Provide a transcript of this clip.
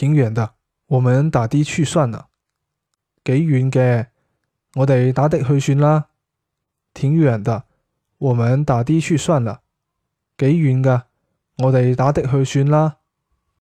挺遠的，我們打的去算了。幾遠嘅，我哋打的去算啦。挺遠的，我們打的去算啦。幾遠嘅，我哋打的去算啦。